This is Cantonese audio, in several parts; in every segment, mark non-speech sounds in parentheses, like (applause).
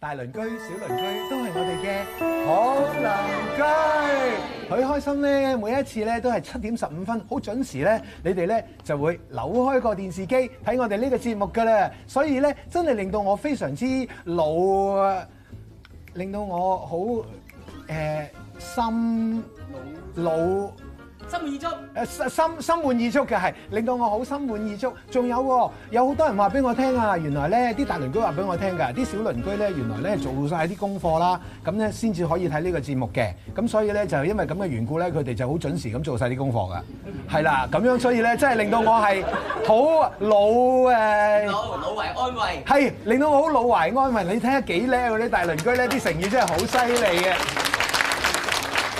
大鄰居、小鄰居都係我哋嘅好鄰居。佢開心呢，每一次呢都係七點十五分，好準時呢，你哋呢就會扭開個電視機睇我哋呢個節目㗎啦。所以呢，真係令到我非常之老，啊，令到我好誒心老。心滿意足，誒心心心滿意足嘅係令到我好心滿意足，仲有喎，有好多人話俾我聽啊，原來咧啲大鄰居話俾我聽㗎，啲小鄰居咧原來咧做曬啲功課啦，咁咧先至可以睇呢個節目嘅，咁所以咧就因為咁嘅緣故咧，佢哋就好準時咁做曬啲功課㗎，係啦，咁樣所以咧真係令到我係好老誒，老老懷安慰，係令到我好老懷安慰。你睇下幾叻嗰啲大鄰居咧啲成語真係好犀利嘅，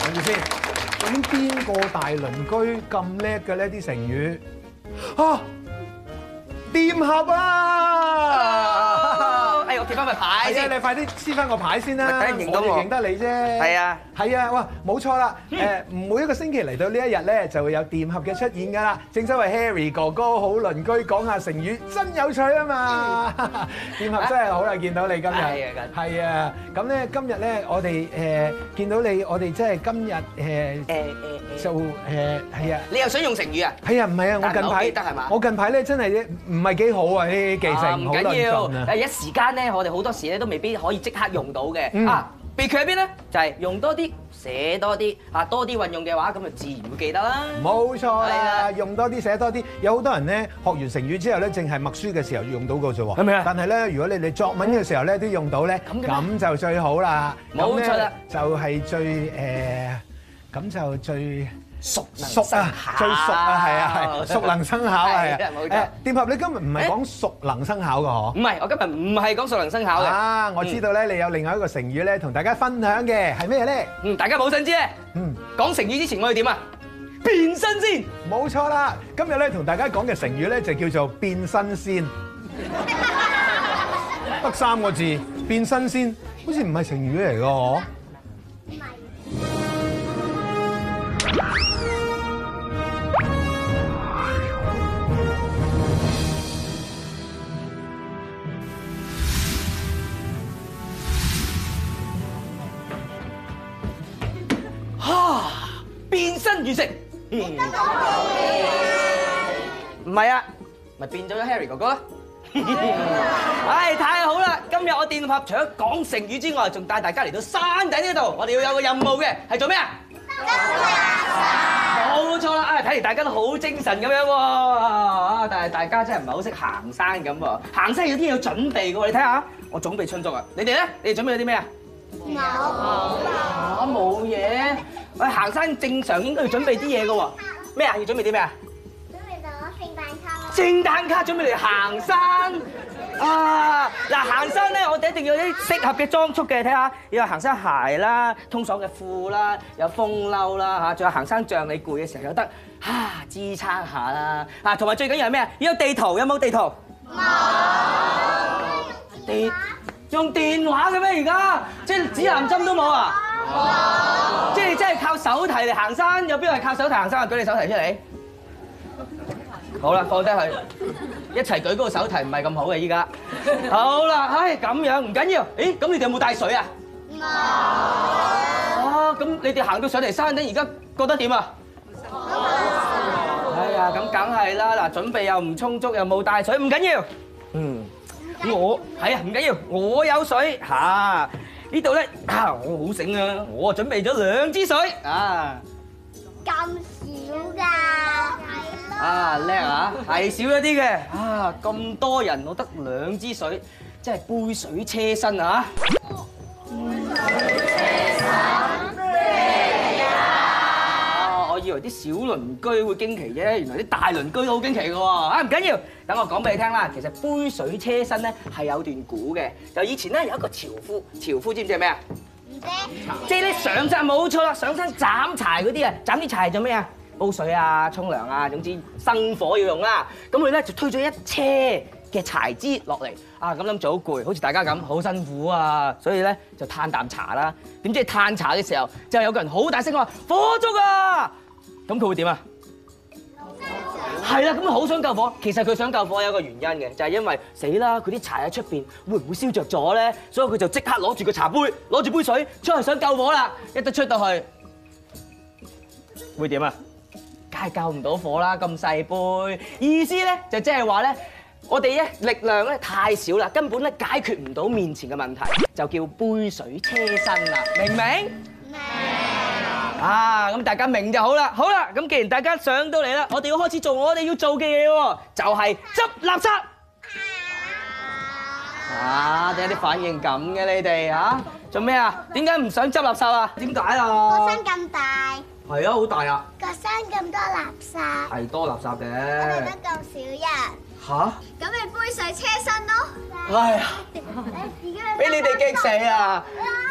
明唔明先？邊個大鄰居咁叻嘅咧？啲成語啊，扂俠啊！哎 Hello. Hello.、hey，我貼返塊牌。你快啲撕翻個牌先啦！我認得你啫。係啊，係啊，哇，冇錯啦。誒，每一個星期嚟到呢一日咧，就會有扂俠嘅出現噶啦。正所謂 Harry 哥哥好鄰居，講下成語真有趣啊嘛！扂俠真係好啊，見到你今日。係啊，咁咧今日咧，我哋誒見到你，我哋真係今日誒誒誒就誒係啊！你又想用成語啊？係啊，唔係啊，我近排記得係嘛？我近排咧真係咧唔係幾好啊呢啲記性，唔緊要。但係一時間咧，我哋好多時咧。都未必可以即刻用到嘅啊！秘訣喺邊咧？就係用多啲，寫多啲啊，多啲運用嘅話，咁就自然會記得啦。冇錯啦，用多啲，寫多啲。有好多人咧，學完成語之後咧，淨係默書嘅時候用到嘅啫。係咪啊？但係咧，如果你哋作文嘅時候咧都用到咧，咁就最好啦。冇錯啦，就係最誒，咁就最。熟能生巧，最熟啊，係啊，熟能生巧啊，係啊。冇錯，扂俠，你今日唔係講熟能生巧嘅嗬？唔係，我今日唔係講熟能生巧嘅。啊，我知道咧，你有另外一個成語咧，同大家分享嘅係咩咧？嗯，大家冇想知咧。嗯，講成語之前我要點啊？變身先，冇錯啦。今日咧同大家講嘅成語咧就叫做變身先，得三個字，變身先，好似唔係成語嚟嘅嗬。知識唔係啊，咪變咗咗 Harry 哥哥咯！唉，太好啦！今日我扂俠除咗講成語之外，仲帶大家嚟到山頂呢度，我哋要有個任務嘅。係做咩啊？登山。冇錯啦！啊，睇嚟大家都好精神咁樣喎，啊，但係大家真係唔係好識行山咁喎。行山有啲嘢要準備嘅喎，你睇下，我準備充足啊！你哋咧？你哋準備咗啲咩啊？冇冇冇冇嘢。喂，行山正常應該要準備啲嘢㗎喎。咩啊？要準備啲咩啊？準備咗聖誕卡。聖誕卡準備嚟行山 (laughs) 啊！嗱，行山咧，我哋一定要有啲適合嘅裝束嘅，睇下要有行山鞋啦，通爽嘅褲啦，有風褸啦嚇，仲有行山杖你攰嘅時候有得嚇支撐下啦。啊，同埋、啊、最緊要係咩啊？要有地圖，有冇地圖？冇有。電用電話嘅咩？而家即係指南針都冇啊？即係真係靠手提嚟行山，有邊個係靠手提行山啊？舉你手提出嚟，好啦，放低佢，一齊舉嗰個手提唔係咁好嘅依家。好啦，唉，咁樣唔緊要。咦，咁你哋有冇帶水啊？冇。哦，咁你哋行到上嚟山頂，而家覺得點啊？好。哎呀，咁梗係啦，嗱，準備又唔充足，又冇帶水，唔緊要。嗯，我係啊，唔緊要，我有水吓。呢度咧，啊，我好醒啊，我準備咗兩支水，啊，咁少㗎了、啊，啊，叻啊，係少一啲嘅，啊，咁多人我得兩支水，即係杯水車薪啊。以為啲小鄰居會驚奇啫，原來啲大鄰居都好驚奇嘅喎。啊、哎，唔緊要，等我講俾你聽啦。其實杯水車薪咧係有一段故嘅，就以前咧有一個樵夫，樵夫知唔知係咩啊？茶即係咧上山冇錯啦，上山斬柴嗰啲啊，斬啲柴做咩啊？煲水啊，沖涼啊，總之生火要用啦、啊。咁佢咧就推咗一車嘅柴枝落嚟啊，咁諗住好攰，好似大家咁好辛苦啊，所以咧就嘆啖茶啦。點知嘆茶嘅時候，就有個人好大聲話：火燭啊！咁佢會點啊？係啦，咁好想救火。其實佢想救火有一個原因嘅，就係因為死啦，佢啲柴喺出邊，會唔會燒著咗咧？所以佢就即刻攞住個茶杯，攞住杯水出去想救火啦。一得出到去會點啊？梗係救唔到火啦，咁細杯。意思咧就即係話咧，我哋咧力量咧太少啦，根本咧解決唔到面前嘅問題，就叫杯水車薪啦，明唔明？啊，咁大家明就好啦。好啦，咁既然大家上到嚟啦，我哋要開始做我哋要做嘅嘢喎，就係執垃圾。啊！點解啲反應咁嘅你哋啊？做咩啊？點解唔想執垃圾啊？點解啊？個山咁大。係啊，好大啊。個山咁多垃圾。係多垃圾嘅。咁你得咁少人。吓？咁你杯水車薪咯。哎呀！俾你哋激死啊！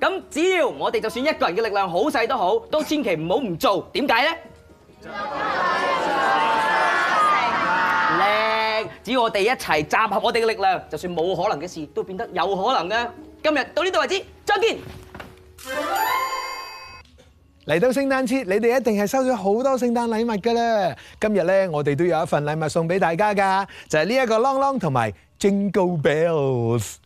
咁只要我哋就算一個人嘅力量好細都好，都千祈唔好唔做。點解呢？靚！只要我哋一齊集合我哋嘅力量，就算冇可能嘅事都變得有可能嘅。今日到呢度為止，再見。嚟到聖誕節，你哋一定係收咗好多聖誕禮物㗎啦。今日呢，我哋都有一份禮物送俾大家㗎，就係呢一個 Long Long 同埋 Jingle Bells。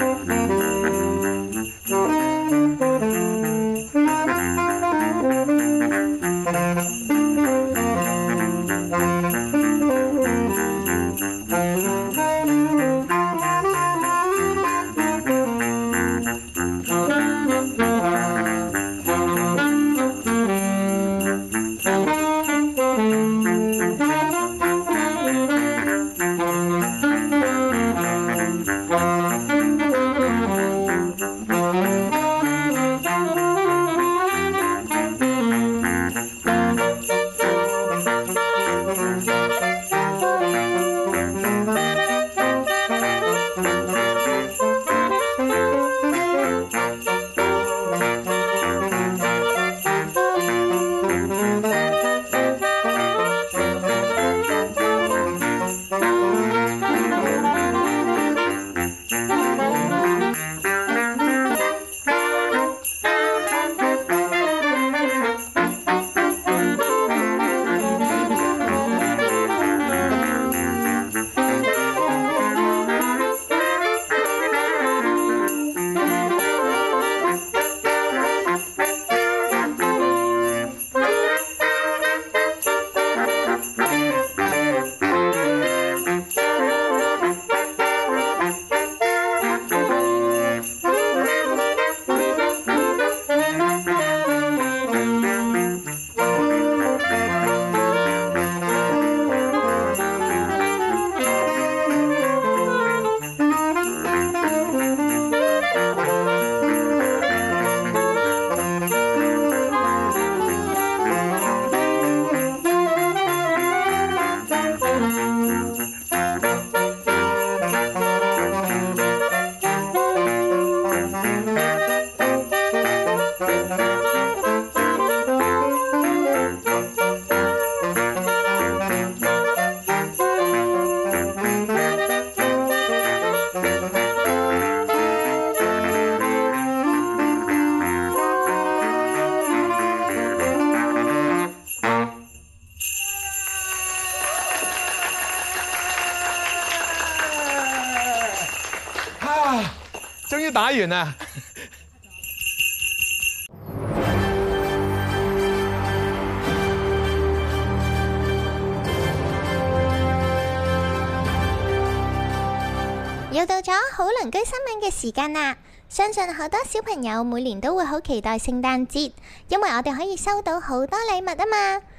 又到咗好鄰居新聞嘅時間啦！相信好多小朋友每年都會好期待聖誕節，因為我哋可以收到好多禮物啊嘛～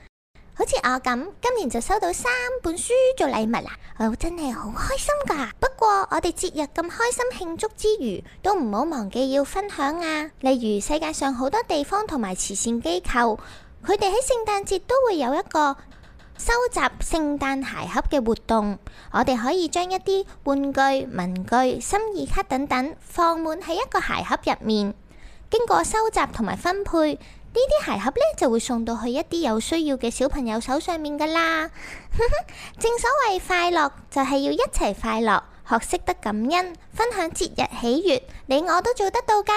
好似我咁，今年就收到三本書做禮物啦，我、oh, 真係好開心噶。不過我哋節日咁開心慶祝之餘，都唔好忘記要分享啊。例如世界上好多地方同埋慈善機構，佢哋喺聖誕節都會有一個收集聖誕鞋盒嘅活動，我哋可以將一啲玩具、文具、心意卡等等放滿喺一個鞋盒入面，經過收集同埋分配。呢啲鞋盒呢，就會送到去一啲有需要嘅小朋友手上面噶啦。正所謂快樂就係要一齊快樂，學識得感恩，分享節日喜悦，你我都做得到噶。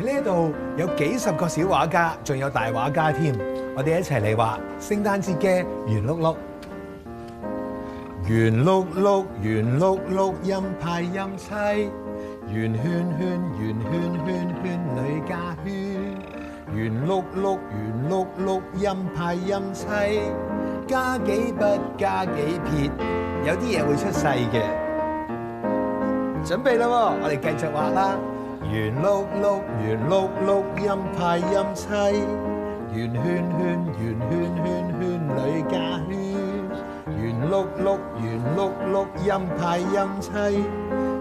喺呢度有幾十個小畫家，仲有大畫家添。我哋一齊嚟畫聖誕節嘅圓碌碌，圓碌碌，圓碌碌，音派音妻。任圓圈圈，圓圈圈，圈圈，圈裏加圈，圈；圓碌碌，圓碌碌，音派陰妻。加幾筆，加幾撇，有啲嘢會出世嘅。準備啦，我哋繼續畫啦。圓碌碌，圓碌碌，音派陰妻。圓圈圈，圓圈圈，圈裏加圈；圓碌碌，圓碌碌，音派陰妻。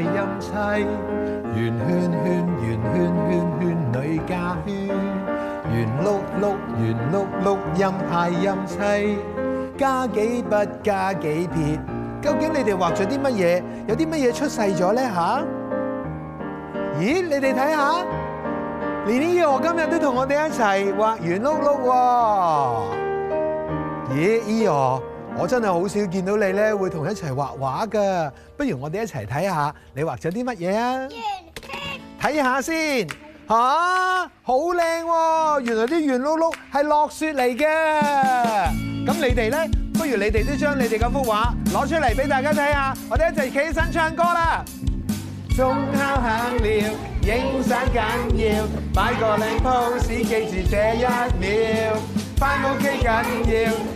陰妻，圓圈圈，圓圈圈，圈女家圈，圓碌碌，圓碌碌，陰派陰妻，加幾筆，加幾撇，究竟你哋畫咗啲乜嘢？有啲乜嘢出世咗咧？吓？咦？你哋睇下，連呢和今日都同我哋一齊畫圓碌碌喎，咦，伊和。我真係好少見到你咧，會同一齊畫畫㗎。不如我哋一齊睇下你畫咗啲乜嘢啊？睇下先吓？好靚喎！原來啲圓碌碌係落雪嚟嘅。咁你哋咧，不如你哋都將你哋嘅幅畫攞出嚟俾大家睇下。我哋一齊企身唱歌啦！鐘敲響了，影相緊要，擺個靚 pose 記住這一秒，返屋企緊要。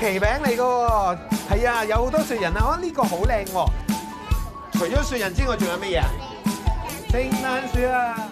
奇餅嚟嘅喎，係啊，有好多雪人啊、哦！這呢個好靚喎，除咗雪人之外，仲有乜嘢啊？聖誕樹啊！